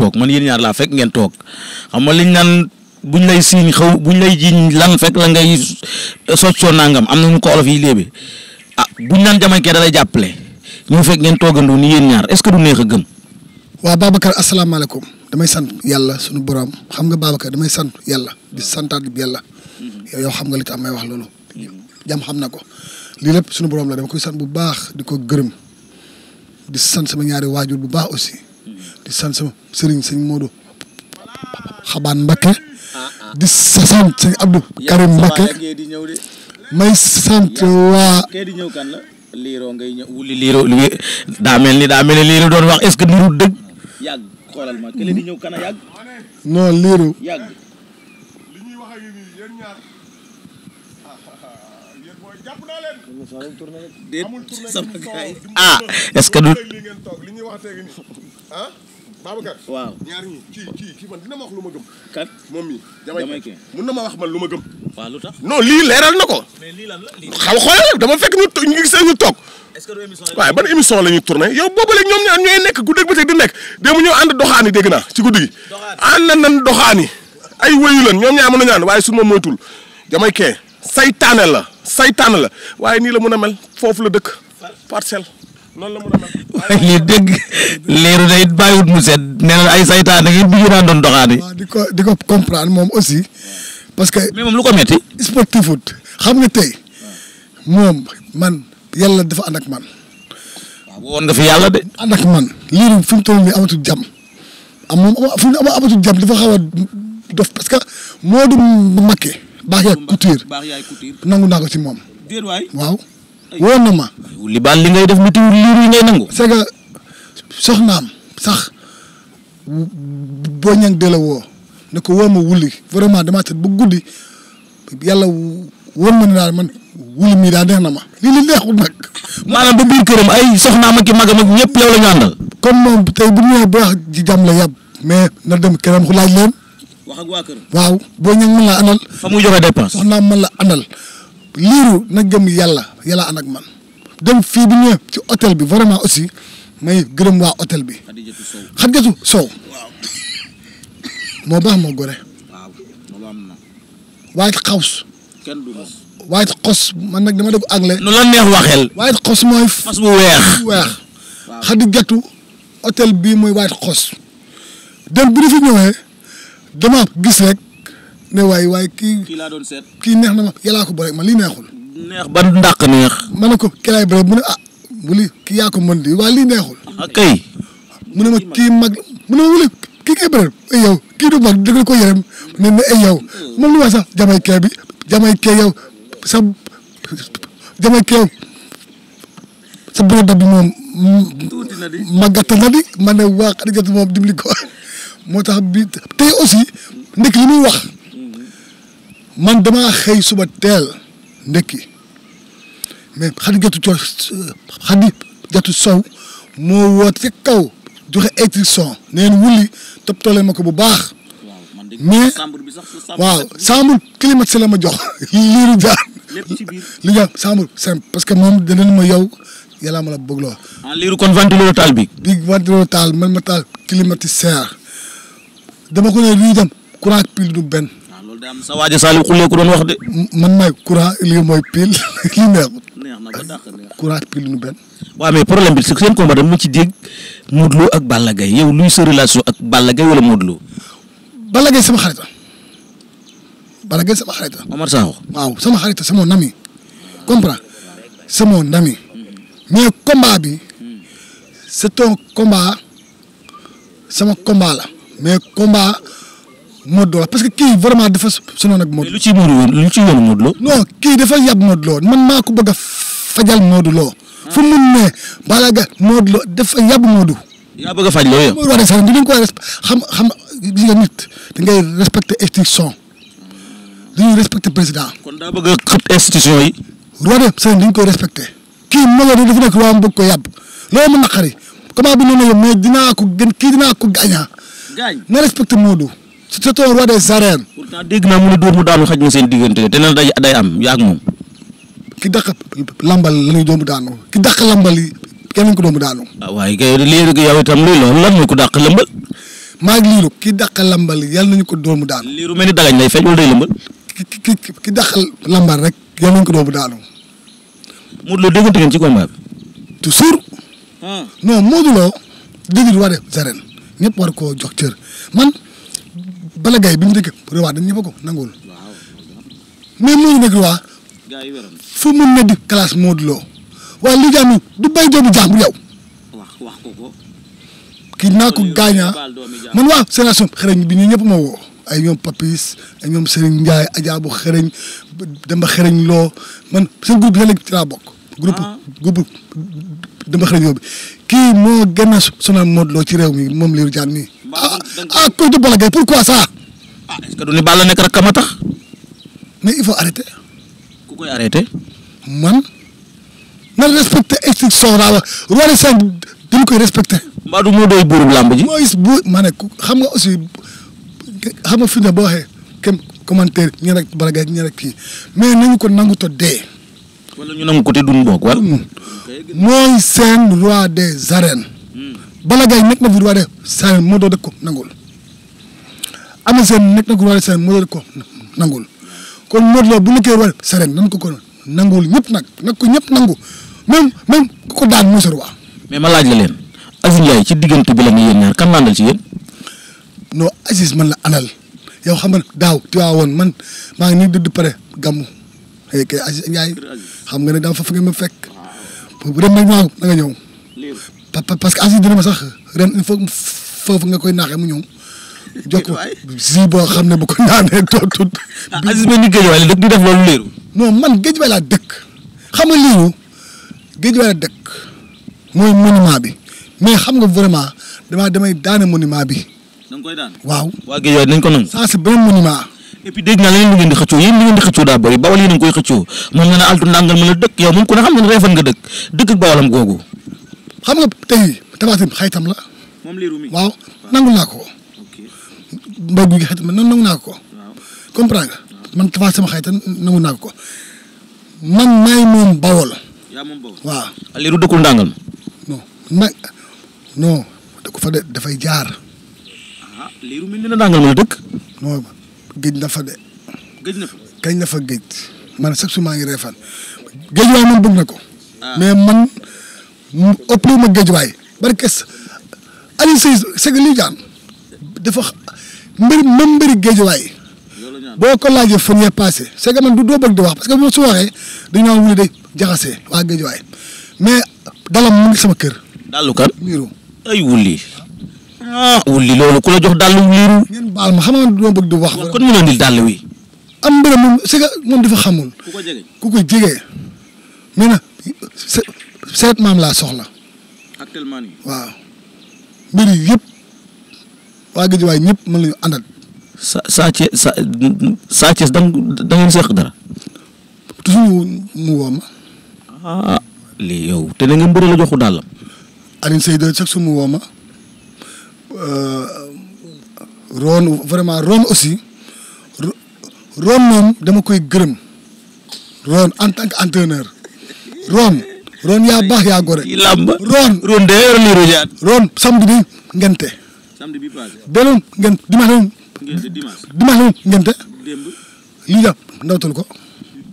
toog man yéen ñaar laa fekk ngeen toog xam nga liñ naan buñ lay siiñ xaw buñ lay jiñ lan fekk la ngay socc soo nangam am na ñu ko olof yi léebe ah buñ naan jamankee da lay jàppale ñoo fekk ngeen toogandoo ni yéen ñaar est-ce que du neex a gëm. waa Babacar asalaamaaleykum damay sant yàlla sunu borom xam nga Babacar damay sant yàlla di santaat yàlla yow xam nga li am may wax loolu jam xam na ko lii lépp sunu borom la dama koy san bu baax di ko gërëm di sant sama ñaari waajur bu baax aussi. di sant sama sëriñ sëñ Modou Xabaan Mbakke di sant sëñ Abdou Karim Mbakke may sant waa. liiroo ngay ñëw wuli liiroo li daa mel ni daa mel ni liiroo doon wax est-ce que niru dëgg. yàgg Babacar waaw ñaar ñi kii kii kii man lu ma gëm. moom mi damay kii mun na ma wax man lu ma gëm. waaw lu tax non lii leeral na ko. mais lii lan la lii. xaw xoolal dama fekk ñu ñu ñu toog. est-ce que émission la waaye ban émission la ñuy tourné yow boobu léegi ñoom ñaar ñooy nekk guddeeg bëccëg di nekk démb ñëw ànd doxaani dégg naa ci guddi gi. doxaani ànd nañ doxaani ay wéyu lan ñoom ñaar mën nañu ànd waaye su moytul damay saytaane la saytaane la waaye nii la mën a mel foofu la dëkk parcelle waaye lii dégg leeru day it bàyyiwut mu set nee na ay saytaan ak it bi ñu daan doon di ko di ko comprendre moom aussi parce que. mais moom lu ko metti sportif wut xam nga tey moom man yàlla dafa ànd ak man. waaw woon nga fi yàlla de. ànd ak man liiru mu toll nii amatul am ah, moom fi mu amatul jàmm dafa xaw a dof parce que moo du makke baax yaay couture nangu naa ko ci moom. waaw. woo na ma. li baal ngay def lu tuur liir yi soxnaam sax boo ñëwee de la ko woo ma vraiment damaa set ba guddi yàlla wóor ma ne daal man wuli daal neex na ma lii li neexul nag. maanaam ba biir këram ay soxnaam ak i magam ak ñëpp yow la ñu àndal. comme moom tey ji jàmm la yàbb. mais na dem këram ku laaj leen. wax ak waa kër. waaw boo ñëwee mën la àndal. fa muy joxe dépense. soxnaam mën la àndal. liiru na gëm yàlla yàlla ànd ak man dem fii bi ñëwee ci hôtel bi vraiment aussi may gërëm waa hôtel bi Xadijatu Sow moo baax moo gore waaye xaws waaye xos man nag dama dégg anglais. nu la neex waxeel. waaye xos mooy. fas bu weex weex. Xadijatu hôtel bii mooy waaye xos. dem bi ñu fi ñëwee dama gis rek. ne waay waay kii. kii seet. kii neex na ma yàllaa ko bëre lii neexul. neex ban ndàq neex. ma ne ko ki laay bëre mu ne ah wuli kii yaa ko di waa lii neexul. Ah, kay. mu ne ma kii mag mu ma wuli kii kay bëre ay kii du mag dëgg ko ne ne ay yow moom sax jamay bi jamay kee yow sa bi moom. tuuti na di màggat ma ne waa xarit moom dimbali ko moo tax bi tey aussi ndek wax. man damaa xëy suba teel ndekki mais Xadijatu co Xadijatu Sow moo woot ca kaw joxe instruction neen wulli toppatoo ma ko bu baax mais waaw chambre climatisée la ma jox liiru jaan li nga que moom ma yow yàlla ma la ah, bi bi ventilo dama ko ne lii dem courant pile du benn loolu sa waaja Saliou Khoulé ku doon wax de. man nag courant lii mooy pile lii neexut. neex na ko dàq neex courant pile nu benn. waaw mais problème bi seen combat dama ci dégg Modou ak Balla Gaye yow luy sa relation ak Balla Gaye wala Modou Balla Gaye sama xarita Balla Gaye sama xarita waaw sama xarita sama combat la mais combat. Modou Lo parce que kii vraiment dafa sonoon ak Modou Lo. lu ci Modou Lo lu ci yoonu Modou Lo. non kii dafa yab Modou Lo man maa ko bëgg a fajal Modou Lo. Ah. fu mu ne Balla Gaye Modou Lo yab Modou. yaa bëgg a Modou ko xam xam li nga nit da ngay respecté institution dañuy respecté président. kon daa bëgg a xëpp yi. roi de sëñ dañ koy respecté. kii Modou Lo dafa nekk waa mu bëgg ko yab loolu ma naqari comment bi noonu yow mais dinaa ko gën kii dinaa ko gaañaa. Modou. c'est un roi des arènes. pourtant dégg naa mu ne dóor mu daanu xaj na seen diggante te na day am yaa moom. ki dàq lambal la ñuy doomu daanu ki dàq lambal yi kenn ko doomu daanu. ah waaye kay léegi yow itam luy loolu ko dàq lambal. maa ngi liiru ki lambal yàlla nañu ko doomu daanu. liiru mel ni dagañ lay feeñ wala day lambal. ki ki ki dàq lambal rek yàlla nañu ko doomu daanu. Modou Lo déggante ngeen ci combat bi. toujours. Hmm. non Modou Lo dégg nga war a ñëpp war ko jox cër man. Balla Gaye bi ñu dëkk roi dañ ñëpp ko nanguwul mais moo ñu nekk roi fu mun na di classe Modou Lo waaye li jaam du bay doomu jàmbur yow kii naa ko gaañaa ah. man waa génération xereñ bi ñu ñëpp ma woo ay ñoom Papis ay ñoom Serigne Ndiaye Adja bu xereñ Demba xereñ loo man seen groupe léeg-léeg ci laa bokk groupe ah. groupe dama xarañ yoobi kii moo gën a sonal Modou Lo ci réew mi moom Lirou Diane nii ah ah cause de Balla Gaye pourquoi ça. ah est-ce du ni Balla nekk rek kama tax. mais il faut arrêter. ku koy arrêter. man na respecté instruction laa wax roi des arènes dañu koy respecté. mbaa du moo doy buurub làmb ji. nga aussi xam nga fi ne boo waxee kenn commentaire ñeneen ak bala Gaye ñeneen ak kii mais nañu ko nangu to dee. ñu nangu ko te duñ mooy seen roi des arènes Balla Gaye nekk na fi roi des arènes moo doo dëkk ko nangul Ama Sène nekk na ko roi des arènes moo doo dëkk ko nangul kon Modou Lo bu nekkee roi des arènes nan ko ko nangul ñëpp nag nag ko ñëpp nangu même même ku ko daan mooy sa roi mais ma laaj la leen Aziz ci diggante bi la nga yéen ñaar kan nandal ci yéen non Aziz man la anal yow xam nga daaw Tiwaawoon man maa ngi nii di xam nga ne daaw fa fa ma fekk bu dem nag ñu parce que Aziz dina ma sax ren il faut foofu nga koy naaxee mu ñëw. jox ko si boo xam ne bu ko naanee tootut. ah Aziz ma ni loolu léeru. non man géej waay laa dëkk xam nga léeru géej waay laa dëkk mooy monument bi mais xam nga vraiment damaa damay daane monument bi. da nga waaw. waa géej waay nañ ko nangu. et puis dégg naa leneen lu ngeen di xëccoo yéen li ngeen di xëccoo daa bëri bawal yéen a ngi koy xëccoo moom nga ne ndàngal mën a dëkk yow moom ku ne xam ne reefan nga dëkk dëkk ak bawalam nga tey la moom liiru mi waaw nangu naa ko mbaw gi xaytam naa ko comprends nga man tabaa naa ko man maay moom bawal ndàngal ma non jaar ah, liiru mel na ndàngal dëkk géej na fa de. géej na fa kañ na fa géej man sax su maa ngi reefaan géej waay man bëgg na ko. Ah. mais man mu ëpp ma géej waay bari kes Aliou Seye Sega lii jaan dafa mbir même géej waay boo ko laajee fan yee passé Sega man du doo bëgg di wax parce que bu su waxee dañoo wuli de jaxasee waa géej waay mais dalam mu ngi sama kër. dalu Ah, wulli loolu ku la jox dàll liiru. ngeen baal ma xam nga dama bëgg di dafa xamul. ku ko laa soxla. actuellement nii. waaw mbir ñëpp mën lañu àndal. sa da da mu woo ma. ah yow te da ngeen bëri la joxu dàllam. Alioune Seye de chaque su mu Euh, Rhône vraiment Rhône aussi Rhône moom dama koy gërëm Rhône en tant que entraîneur Rhône Rhône yaa baax yaa gore. kii làmb Rhône ngente. samedi bi passé. ngente dimanche. ngente ko.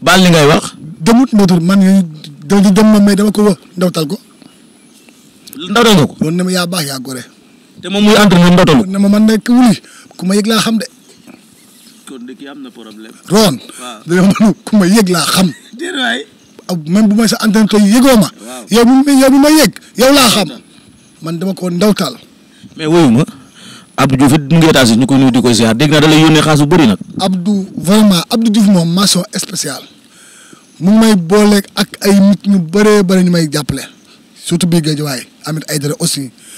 baal li ngay wax. demut ndawtal man yooyu dama ci dem ma may dama ko wax ndawtal ko. ndawtal ko. Rhône ne yaa baax yaa gore. te moom muy entraîneur ndotalu. ne ma man nekk ku ma yëg laa xam de. kon na problème. Roon. ku ma yëg laa xam. déedéet bu may sa entraîneur tey yëgoo ma. waaw yow mi ma yëg yow laa xam. man dama ko ndawtaal. mais woyu ma Abdou mu ngi état si ñu koy nuyu di koy ziar dégg naa da lay yónnee xaalis bari bëri nag. Abdou vraiment Abdou Diouf moom mention spéciale mu ngi may booleeg ak ay nit ñu bëree bëri ñu may jàppale surtout bii géej waaye amit ay dara aussi.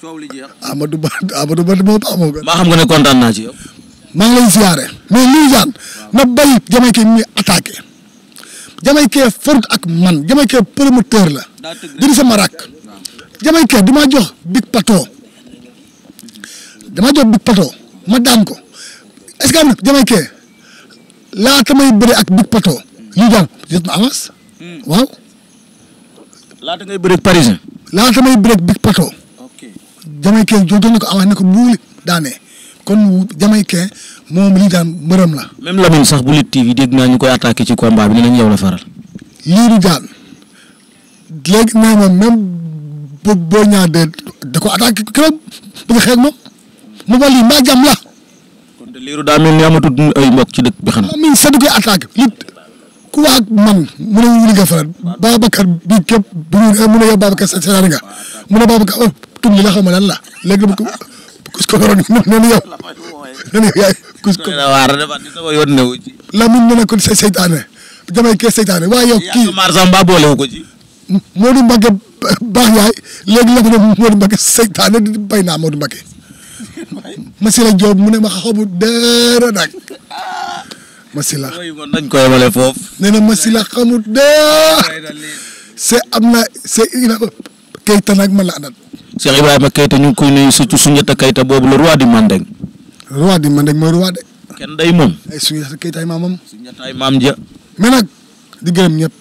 coow li jeex. Amadou Ba Amadou Ba moo amoo ko. maa xam nga ne kontaan naa ci yow. maa ngi lay siyaare mais ñun jaan na bay Jamaïcain mi attaqué Jamaïcain forut ak man Jamaïcain promoteur la. di sama rakk. Jamaïcain dama jox big pato dama jox big pato ma daan ko est-ce que am na Jamaïcain laata may bëre ak big pato ñu jaan jot na avance hmm. waaw. laata ngay bëre ak parisien. laata may bëre ak big pato. jamaïcain jo doon na ko avancé ne ko buuli daanee kon jamaïcain moom lii daan mbërëm la. même sax bu Lutte TV ñu koy attaqué ci combat bi ne nañ yow la faral. lii di daan léegi nee na même boo boo ñaar de da ko attaqué këram bëgg xeex moom mu ba lii mbaa jàmm la. kon de liiru daa mel ni amatul ay mbokk ci dëkk bi xanaa. Lamine sax du koy attaqué Lutte ku wax nga faral nga mu ne Babacar oh, tur bi lan la léegi nag ku ko waroon nee yow nee na yaay ku ko. Lamine nee na kon seytaane damay kee seytaane waaye yow. kii yaa boolewu baax yaay léegi la ko ne Modou Mbacke seytaane bay naa Modou Mbacke Masila Diop mu ne ma xamu dara nag Masila. nañ ko yemale foofu. nee na Masila xamut ma la Cheikh Ibrahima Keita ñu ngi koy nuyu surtout Soundiata Keita boobu le roi du Mandeng. roi du Mandeng mooy roi de. kenn day moom. ay Soundiata Keita ay maamam. Soundiata ay maam ja. mais di gërëm ñëpp.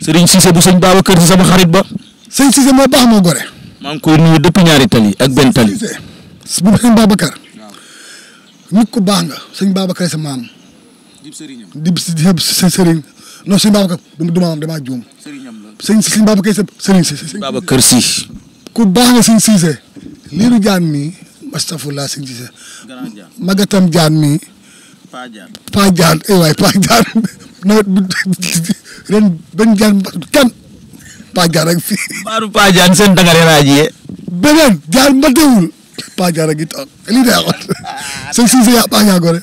Serigne Cissé bu sëñ Babacar si sama xarit ba. sëñ Cissé moo baax moo gore. maa ngi koy nuyu depuis ñaari tali ak benn tali. bu sëñ Babacar. nit ku baax sa dib sëriñam si non sëñ Babacar du ma am damaa juum. sëñ sëñ Babacar Sy sëñ sëñ Babacar Sy. ku baax nga sëñ Cissé. lii du jaan mii astafurlah sëñ Cissé. magatam jaan mii. jaan Paa jaan eh waay Paa jaan nawet bi jaan kenn Paa jaan ak fii. Maaru Paa jaan seen dangare laa jiyee. yaa Paa gore.